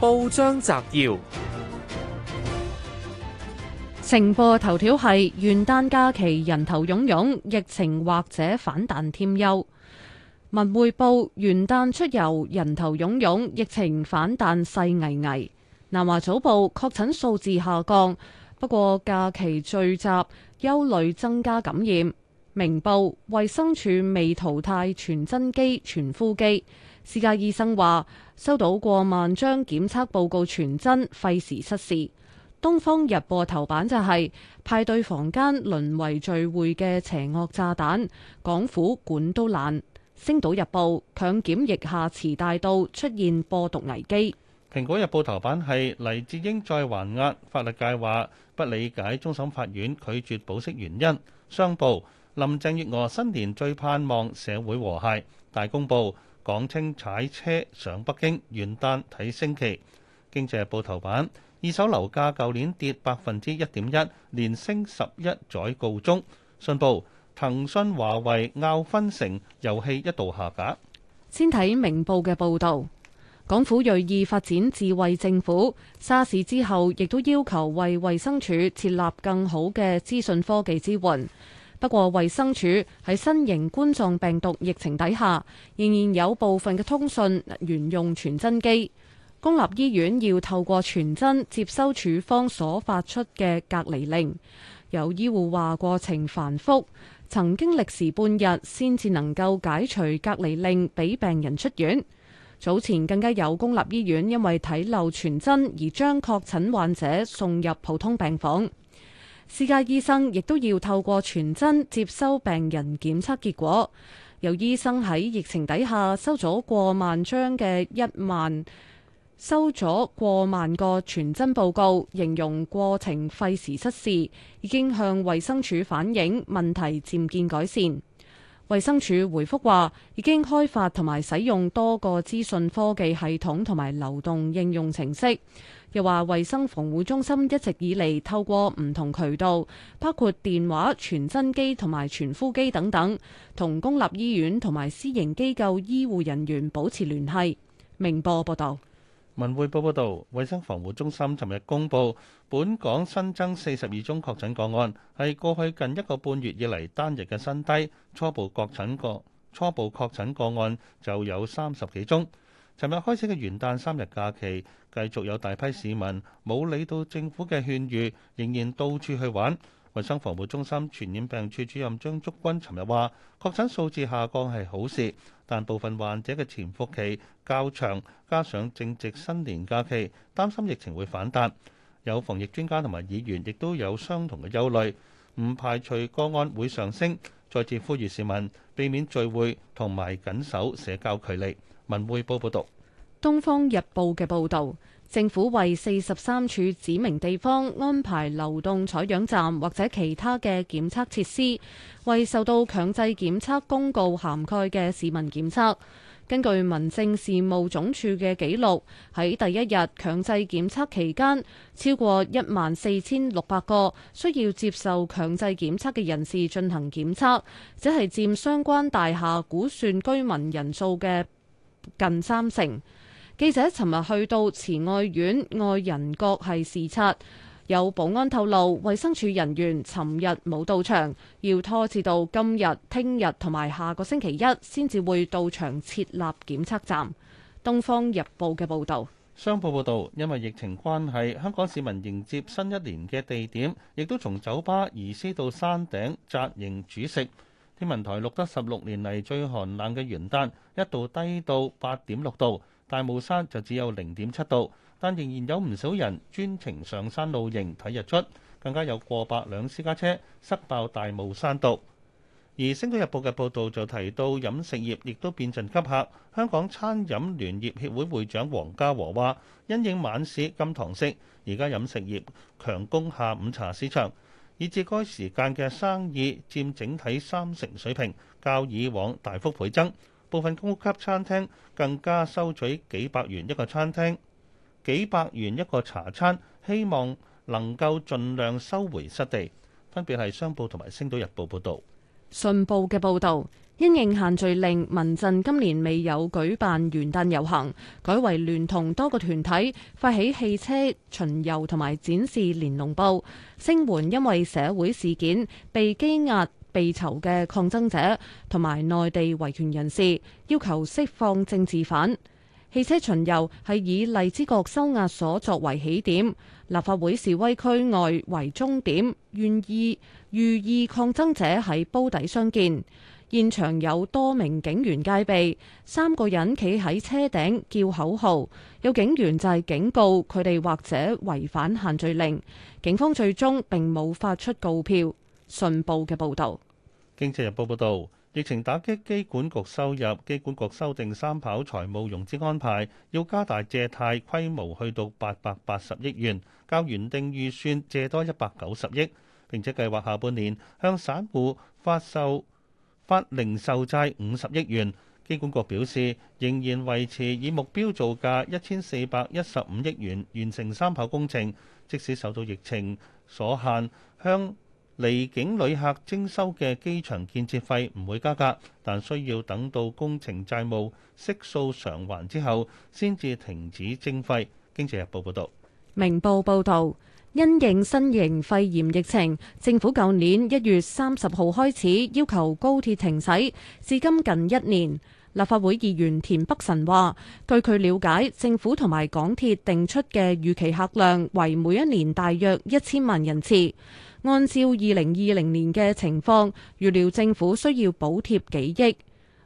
報章摘要：《晴報》頭條係元旦假期人頭湧湧，疫情或者反彈添憂。文匯報元旦出遊人頭涌涌，疫情反彈勢危危。南華早報確診數字下降，不過假期聚集憂慮增加感染。明報衛生署未淘汰傳真機、傳呼機。私家醫生話收到過萬張檢測報告，傳真費時失事。《東方日報》頭版就係、是、派對房間淪為聚會嘅邪惡炸彈，港府管都爛。《星島日報》強檢疫下，慈大道出現播毒危機。《蘋果日報》頭版係黎智英再還押，法律界話不理解終審法院拒絕保釋原因。《商報》林鄭月娥新年最盼望社會和諧。《大公報》港青踩車上北京，元旦睇升旗。《經濟日報》頭版：二手樓價舊年跌百分之一點一，連升十一載告終。信報：騰訊、華為拗分成，遊戲一度下架。先睇明報嘅報導，港府鋭意發展智慧政府，沙士之後亦都要求為衞生署設立更好嘅資訊科技支援。不過，衞生署喺新型冠狀病毒疫情底下，仍然有部分嘅通訊沿用傳真機。公立醫院要透過傳真接收處方所發出嘅隔離令。有醫護話過程繁複，曾經歷時半日先至能夠解除隔離令，俾病人出院。早前更加有公立醫院因為睇漏傳真而將確診患者送入普通病房。私家醫生亦都要透過傳真接收病人檢測結果。有醫生喺疫情底下收咗過萬張嘅一萬，收咗過萬個傳真報告，形容過程費時失事，已經向衛生署反映，問題漸見改善。衛生署回覆話，已經開發同埋使用多個資訊科技系統同埋流動應用程式。又話，衞生防護中心一直以嚟透過唔同渠道，包括電話、傳真機同埋傳呼機等等，同公立醫院同埋私營機構醫護人員保持聯繫。明報報道。文匯報報道，衞生防護中心尋日公布，本港新增四十二宗確診個案，係過去近一個半月以嚟單日嘅新低，初步確診個，初步確診個案就有三十幾宗。尋日開始嘅元旦三日假期，繼續有大批市民冇理到政府嘅勸喻，仍然到處去玩。衞生防護中心傳染病處主任張竹君尋日話，確診數字下降係好事，但部分患者嘅潛伏期較長，加上正值新年假期，擔心疫情會反彈。有防疫專家同埋議員亦都有相同嘅憂慮，唔排除個案會上升。再次呼籲市民避免聚會同埋緊守社交距離。文匯報報道，《東方日報》嘅報道，政府為四十三處指明地方安排流動採樣站或者其他嘅檢測設施，為受到強制檢測公告涵蓋嘅市民檢測。根據民政事務總署嘅記錄，喺第一日強制檢測期間，超過一萬四千六百個需要接受強制檢測嘅人士進行檢測，只係佔相關大廈估算居民人數嘅。近三成。記者尋日去到慈愛苑愛仁閣係視察，有保安透露，衛生署人員尋日冇到場，要拖遲到今日、聽日同埋下個星期一先至會到場設立檢測站。《東方日報》嘅報道。商報報道，因為疫情關係，香港市民迎接新一年嘅地點，亦都從酒吧移師到山頂紮營煮食。天文台錄得十六年嚟最寒冷嘅元旦，一度低到八點六度，大帽山就只有零點七度，但仍然有唔少人專程上山露營睇日出，更加有過百輛私家車塞爆大帽山道。而《星島日報》嘅報導就提到，飲食業亦都變陣急客。香港餐飲聯業協會會,會長黃家和話：，因應晚市禁堂食，而家飲食業強攻下午茶市場。以至該時間嘅生意佔整體三成水平，較以往大幅倍增。部分高級餐廳更加收取幾百元一個餐廳、幾百元一個茶餐，希望能夠盡量收回失地。分別係《商報》同埋《星島日報》報導，《信報》嘅報導。因應限聚令，民陣今年未有舉辦元旦遊行，改為聯同多個團體發起汽車巡遊同埋展示連儂布，聲援因為社會事件被羈押被囚嘅抗爭者同埋內地維權人士，要求釋放政治犯。汽車巡遊係以荔枝角收押所作為起點，立法會示威區外為終點，願意寓意抗爭者喺煲底相見。現場有多名警員戒備，三個人企喺車頂叫口號，有警員就係警告佢哋或者違反限聚令。警方最終並冇發出告票。信報嘅報導，《經濟日報》報導疫情打擊機管局收入，機管局修訂三跑財務融資安排，要加大借貸規模，去到八百八十億元，較原定預算借多一百九十億，並且計劃下半年向散戶發售。發零售債五十億元，機管局表示仍然維持以目標造價一千四百一十五億元完成三跑工程，即使受到疫情所限，向離境旅客徵收嘅機場建設費唔會加價，但需要等到工程債務悉數償還之後先至停止徵費。經濟日報報道，明報報道。因應新型肺炎疫情，政府舊年一月三十號開始要求高鐵停駛，至今近一年。立法會議員田北辰話，據佢了解，政府同埋港鐵定出嘅預期客量為每一年大約一千萬人次。按照二零二零年嘅情況，預料政府需要補貼幾億。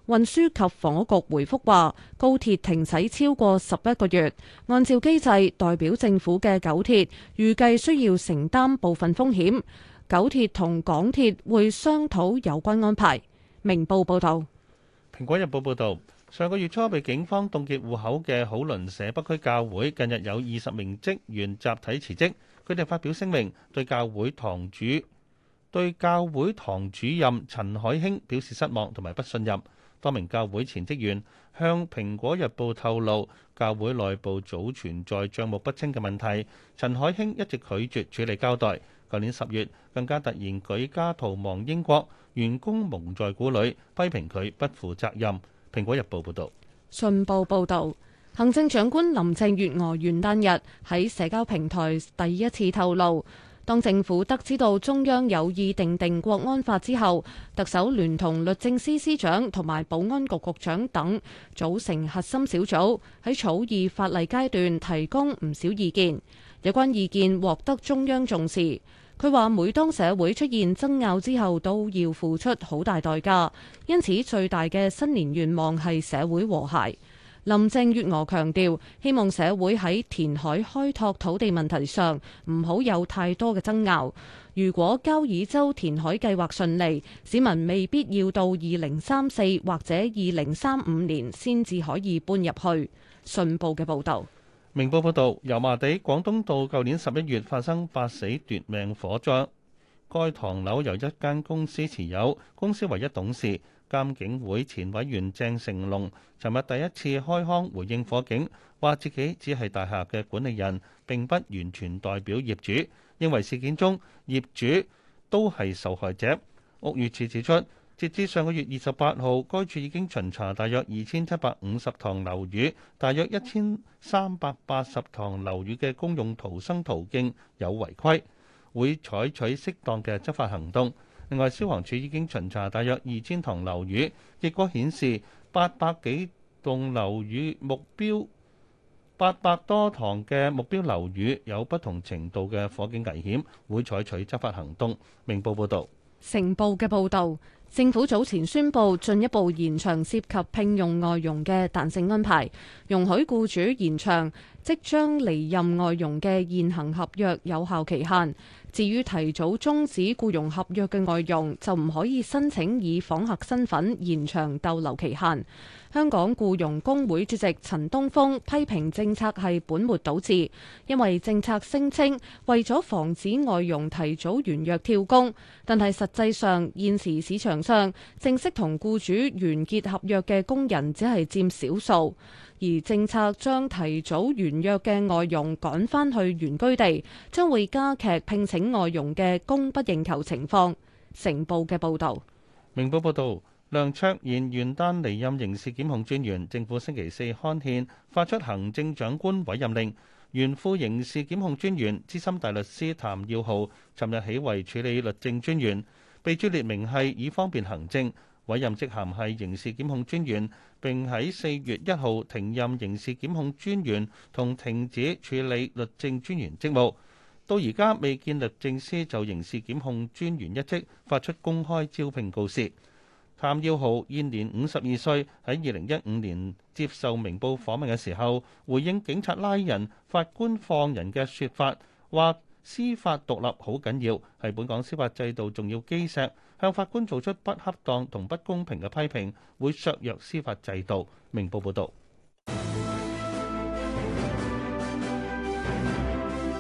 運輸及房屋局回覆話，高鐵停駛超過十一個月，按照機制，代表政府嘅九鐵預計需要承擔部分風險。九鐵同港鐵會商討有關安排。明報報道。《蘋果日報》報道，上個月初被警方凍結戶口嘅好鄰社北區教會，近日有二十名職員集體辭職，佢哋發表聲明對教會堂主對教會堂主任陳海興表示失望同埋不信任。多名教會前職員向《蘋果日報》透露，教會內部早存在帳目不清嘅問題。陳海興一直拒絕處理交代，舊年十月更加突然舉家逃亡英國，員工蒙在鼓裡，批評佢不負責任。《蘋果日報》報道。信報報道，行政長官林鄭月娥元旦日喺社交平台第一次透露。當政府得知到中央有意訂定國安法之後，特首聯同律政司司長同埋保安局局長等組成核心小組，喺草擬法例階段提供唔少意見。有關意見獲得中央重視。佢話：每當社會出現爭拗之後，都要付出好大代價。因此，最大嘅新年願望係社會和諧。林鄭月娥強調，希望社會喺填海開拓土地問題上唔好有太多嘅爭拗。如果交椅洲填海計劃順利，市民未必要到二零三四或者二零三五年先至可以搬入去。信報嘅報導，明報報道，油麻地廣東道舊年十一月發生八死奪命火災。該唐樓由一間公司持有，公司唯一董事，監警會前委員鄭成龍，尋日第一次開腔回應火警，話自己只係大廈嘅管理人，並不完全代表業主，認為事件中業主都係受害者。屋宇署指出，截至上個月二十八號，該處已經巡查大約二千七百五十幢樓宇，大約一千三百八十幢樓宇嘅公用逃生途徑有違規。會採取適當嘅執法行動。另外，消防處已經巡查大約二千幢樓宇，結果顯示八百幾棟樓宇目標八百多幢嘅目標樓宇有不同程度嘅火警危險，會採取執法行動。明報報導，成報嘅報導，政府早前宣布進一步延長涉及聘用外傭嘅彈性安排，容許雇主延長。即將離任外傭嘅現行合約有效期限。至於提早終止雇傭合約嘅外傭，就唔可以申請以訪客身份延長逗留期限。香港雇傭工會主席陳東峰批評政策係本末倒置，因為政策聲稱為咗防止外傭提早完約跳工，但係實際上現時市場上正式同雇主完結合約嘅工人只係佔少數。而政策將提早完約嘅外傭趕返去原居地，將會加劇聘請外傭嘅供不應求情況。成報嘅報導。明報報導，梁卓賢元旦離任刑事檢控專員，政府星期四刊憲發出行政長官委任令，原副刑事檢控專員資深大律師譚耀豪，尋日起為處理律政專員，被註列名係以方便行政。委任職銜係刑事檢控專員，並喺四月一號停任刑事檢控專員，同停止處理律政專員職務。到而家未見律政司就刑事檢控專員一職發出公開招聘告示。譚耀豪現年五十二歲，喺二零一五年接受明報訪問嘅時候，回應警察拉人、法官放人嘅說法，話司法獨立好緊要，係本港司法制度重要基石。向法官做出不恰當同不公平嘅批評，會削弱司法制度。明報報導。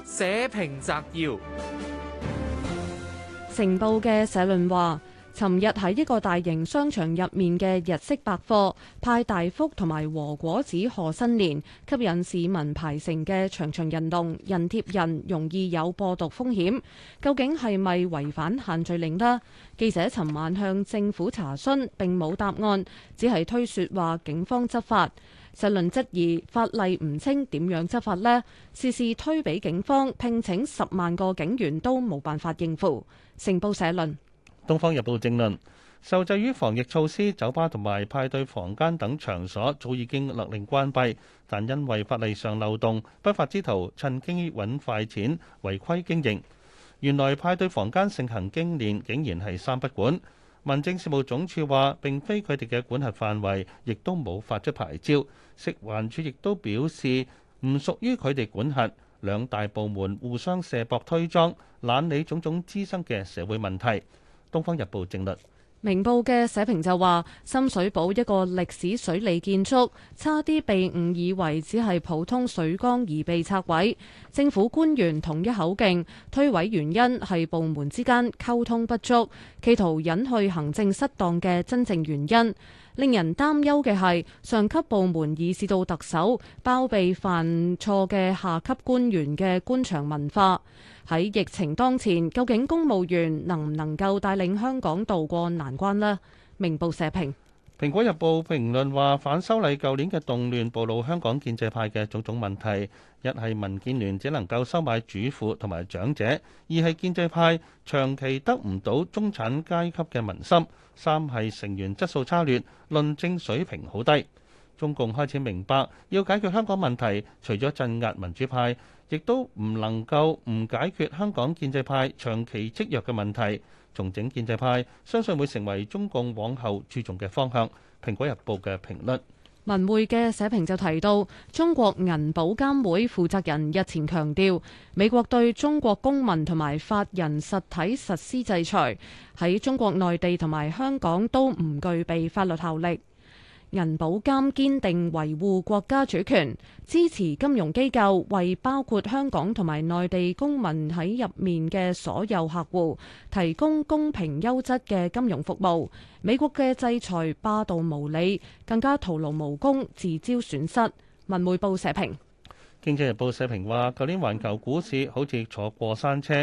社評摘要：成報嘅社論話。尋日喺一個大型商場入面嘅日式百貨派大福同埋和果子賀新年，吸引市民排成嘅長長人龍，人貼人，容易有播毒風險。究竟係咪違反限聚令呢？記者尋晚向政府查詢，並冇答案，只係推說話警方執法。社論質疑法例唔清點樣執法呢？事事推俾警方，聘請十萬個警員都冇辦法應付。成報社論。《東方日報》正論：受制於防疫措施，酒吧同埋派對房間等場所早已經勒令關閉，但因為法例上漏洞，不法之徒趁機揾快錢，違規經營。原來派對房間盛行經年，竟然係三不管。民政事務總署話並非佢哋嘅管轄範圍，亦都冇發出牌照。食環署亦都表示唔屬於佢哋管轄，兩大部門互相卸膊推莊，懶理種種滋生嘅社會問題。《東方日報》正論，《明報》嘅社評就話：深水埗一個歷史水利建築，差啲被誤以為只係普通水缸而被拆毀。政府官員統一口徑，推諉原因係部門之間溝通不足，企圖隱去行政失當嘅真正原因。令人擔憂嘅係，上級部門以至到特首包庇犯錯嘅下級官員嘅官場文化。喺疫情當前，究竟公務員能唔能夠帶領香港渡過難關呢？明報社評。《蘋果日報》評論話：反修例舊年嘅動亂暴露香港建制派嘅種種問題，一係民建聯只能夠收買主婦同埋長者；二係建制派長期得唔到中產階級嘅民心；三係成員質素差劣，論政水平好低。中共開始明白，要解決香港問題，除咗鎮壓民主派，亦都唔能夠唔解決香港建制派長期積弱嘅問題。重整建制派，相信會成為中共往後注重嘅方向。《蘋果日報》嘅評論，文匯嘅社評就提到，中國銀保監會負責人日前強調，美國對中國公民同埋法人實體實施制裁，喺中國內地同埋香港都唔具備法律效力。人保監堅定維護國家主權，支持金融機構為包括香港同埋內地公民喺入面嘅所有客戶提供公平優質嘅金融服務。美國嘅制裁霸道無理，更加徒勞無功，自招損失。文匯報社評。《經濟日報》社評話：舊年環球股市好似坐過山車，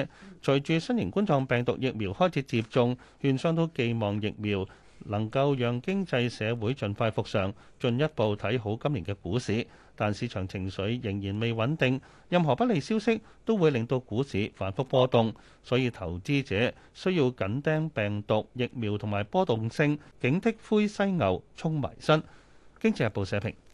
隨住新型冠狀病毒疫苗開始接種，券商都寄望疫苗，能夠讓經濟社會盡快復常，進一步睇好今年嘅股市，但市場情緒仍然未穩定，任何不利消息都會令到股市反覆波動，所以投資者需要緊盯病毒、疫苗同埋波動性，警惕灰犀牛，衝埋身。經濟日報社評。